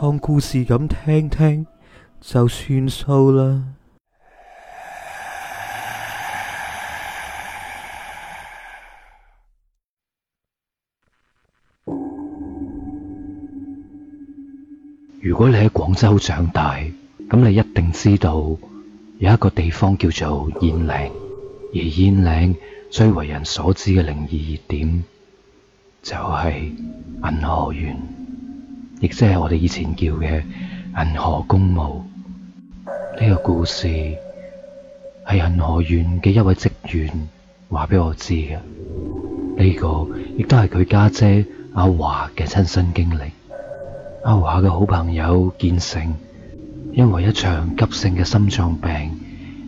當故事咁聽聽就算數啦。如果你喺廣州長大，咁你一定知道有一個地方叫做燕嶺，而燕嶺最為人所知嘅靈異熱點就係銀河園。亦即係我哋以前叫嘅銀河公墓呢，這個故事，係銀河園嘅一位職員話俾我知嘅。呢，這個亦都係佢家姐阿華嘅親身經歷。阿華嘅好朋友建成，因為一場急性嘅心臟病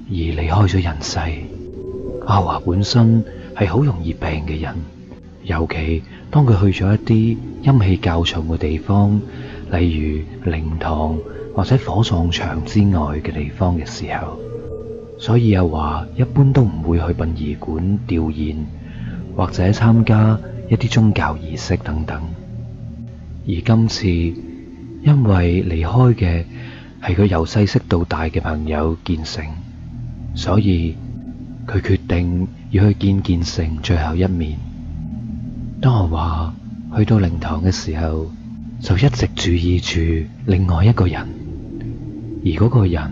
而離開咗人世。阿華本身係好容易病嘅人。尤其當佢去咗一啲陰氣較重嘅地方，例如靈堂或者火葬場之外嘅地方嘅時候，所以阿華一般都唔會去殯儀館吊唁或者參加一啲宗教儀式等等。而今次因為離開嘅係佢由細識到大嘅朋友建成，所以佢決定要去見建成最後一面。當阿華去到靈堂嘅時候，就一直注意住另外一個人，而嗰個人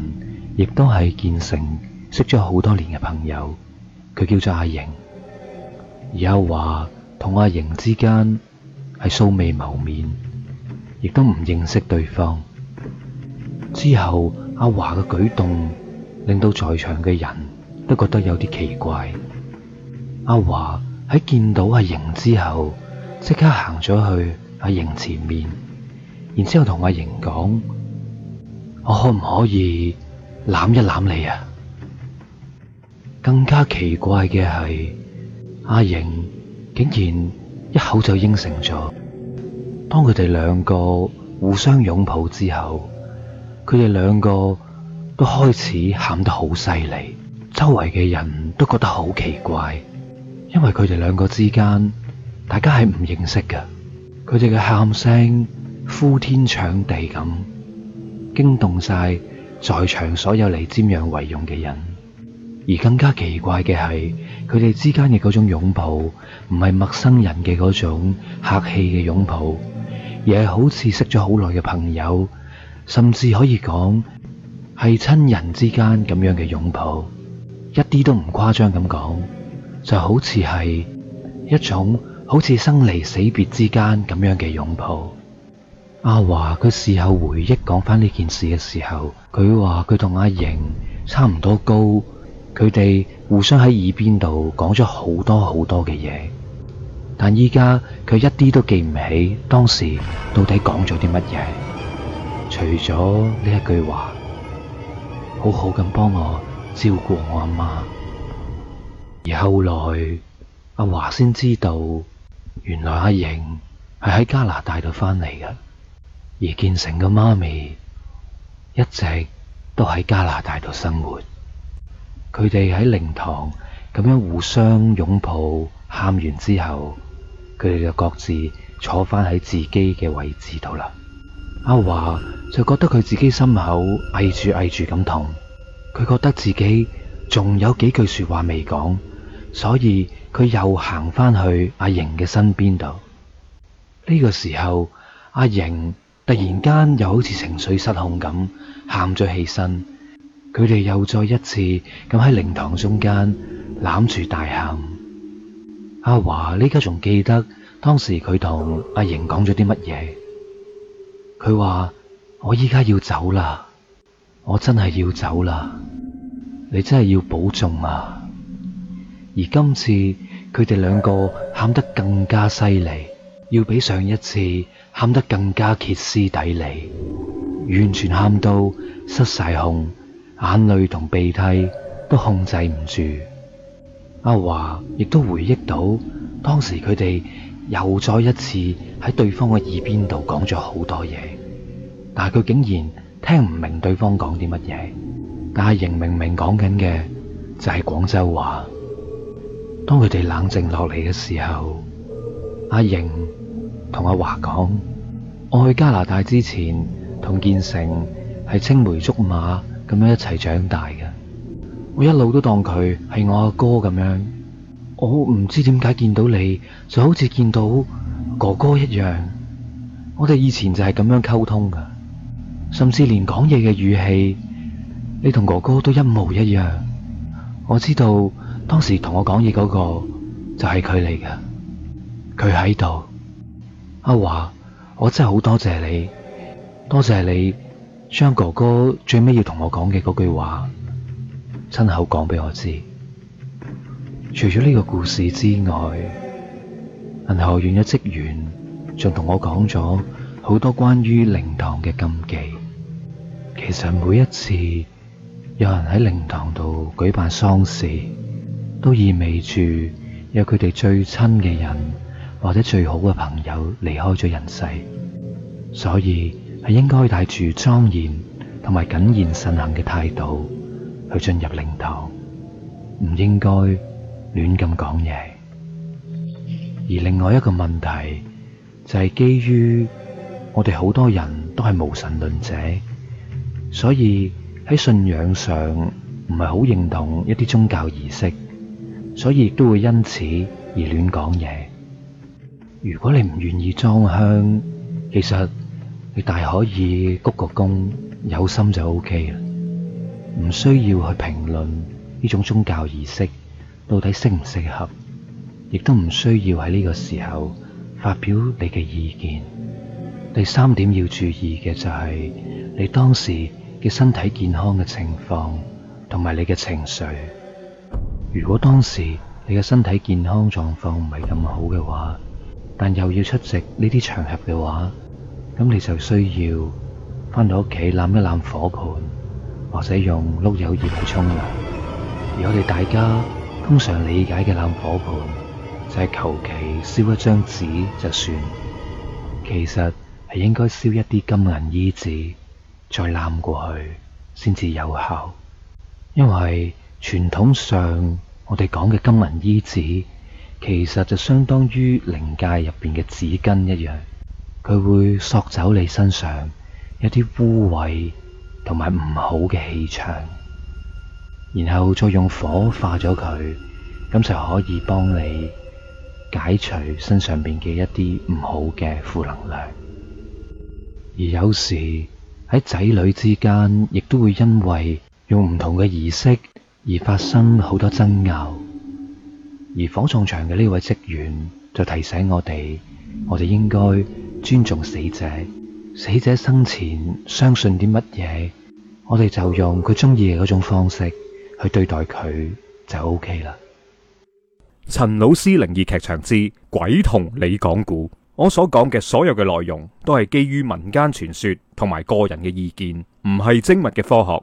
亦都係建成識咗好多年嘅朋友，佢叫做阿瑩。而阿華同阿瑩之間係素未謀面，亦都唔認識對方。之後阿華嘅舉動令到在場嘅人都覺得有啲奇怪。阿華。喺見到阿瑩之後，即刻行咗去阿瑩前面，然之後同阿瑩講：我可唔可以攬一攬你啊？更加奇怪嘅係，阿瑩竟然一口就應承咗。當佢哋兩個互相擁抱之後，佢哋兩個都開始喊得好犀利，周圍嘅人都覺得好奇怪。因為佢哋兩個之間，大家係唔認識嘅。佢哋嘅喊聲呼天搶地咁，驚動晒在場所有嚟瞻仰遺容嘅人。而更加奇怪嘅係，佢哋之間嘅嗰種擁抱，唔係陌生人嘅嗰種客氣嘅擁抱，而係好似識咗好耐嘅朋友，甚至可以講係親人之間咁樣嘅擁抱，一啲都唔誇張咁講。就好似係一種好似生離死別之間咁樣嘅擁抱。阿華佢事後回憶講返呢件事嘅時候，佢話佢同阿瑩差唔多高，佢哋互相喺耳邊度講咗好多好多嘅嘢，但依家佢一啲都記唔起當時到底講咗啲乜嘢，除咗呢一句話，好好咁幫我照顧我阿媽。而後來阿華先知道，原來阿瑩係喺加拿大度返嚟嘅。而建成嘅媽咪一直都喺加拿大度生活。佢哋喺靈堂咁樣互相擁抱，喊完之後，佢哋就各自坐返喺自己嘅位置度啦。阿華就覺得佢自己心口翳住翳住咁痛，佢覺得自己仲有幾句說話未講。所以佢又行返去阿瑩嘅身邊度。呢個時候，阿瑩突然間又好似情緒失控咁，喊咗起身。佢哋又再一次咁喺靈堂中間攬住大喊。阿華呢家仲記得當時佢同阿瑩講咗啲乜嘢？佢話：我依家要走啦，我真係要走啦，你真係要保重啊！而今次佢哋兩個喊得更加犀利，要比上一次喊得更加歇斯底里，完全喊到失晒控，眼淚同鼻涕都控制唔住。阿華亦都回憶到，當時佢哋又再一次喺對方嘅耳邊度講咗好多嘢，但係佢竟然聽唔明對方講啲乜嘢，但係仍明明講緊嘅就係廣州話。當佢哋冷靜落嚟嘅時候，阿瑩同阿華講：我去加拿大之前，同建成係青梅竹馬咁樣一齊長大嘅。我一路都當佢係我阿哥咁樣。我唔知點解見到你就好似見到哥哥一樣。我哋以前就係咁樣溝通㗎，甚至連講嘢嘅語氣，你同哥哥都一模一樣。我知道。當時同我講嘢嗰個就係佢嚟㗎，佢喺度，阿華，我真係好多謝你，多謝你將哥哥最尾要同我講嘅嗰句話親口講俾我知。除咗呢個故事之外，銀河園嘅職員仲同我講咗好多關於靈堂嘅禁忌。其實每一次有人喺靈堂度舉辦喪事，都意味住有佢哋最親嘅人或者最好嘅朋友離開咗人世，所以係應該帶住莊嚴同埋謹言慎行嘅態度去進入靈堂，唔應該亂咁講嘢。而另外一個問題就係基於我哋好多人都係無神論者，所以喺信仰上唔係好認同一啲宗教儀式。所以亦都會因此而亂講嘢。如果你唔願意裝香，其實你大可以鞠個躬，有心就 OK 啦，唔需要去評論呢種宗教儀式到底適唔適合，亦都唔需要喺呢個時候發表你嘅意見。第三點要注意嘅就係你當時嘅身體健康嘅情況同埋你嘅情緒。如果當時你嘅身體健康狀況唔係咁好嘅話，但又要出席呢啲場合嘅話，咁你就需要翻到屋企攬一攬火盆，或者用碌柚葉去沖涼。而我哋大家通常理解嘅攬火盆就係求其燒一張紙就算，其實係應該燒一啲金銀衣紙再攬過去先至有效，因為。傳統上，我哋講嘅金銀衣紙，其實就相當於靈界入邊嘅紙巾一樣，佢會索走你身上一啲污穢同埋唔好嘅氣場，然後再用火化咗佢，咁就可以幫你解除身上邊嘅一啲唔好嘅負能量。而有時喺仔女之間，亦都會因為用唔同嘅儀式。而發生好多爭拗，而火葬場嘅呢位職員就提醒我哋，我哋應該尊重死者，死者生前相信啲乜嘢，我哋就用佢中意嘅嗰種方式去對待佢，就 OK 啦。陳老師靈異劇場之「鬼同你講故」，我所講嘅所有嘅內容都係基於民間傳說同埋個人嘅意見，唔係精密嘅科學。